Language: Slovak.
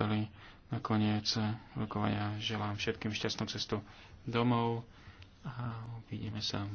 dostali na koniec rokovania. Eh, želám všetkým šťastnú cestu domov a uvidíme sa.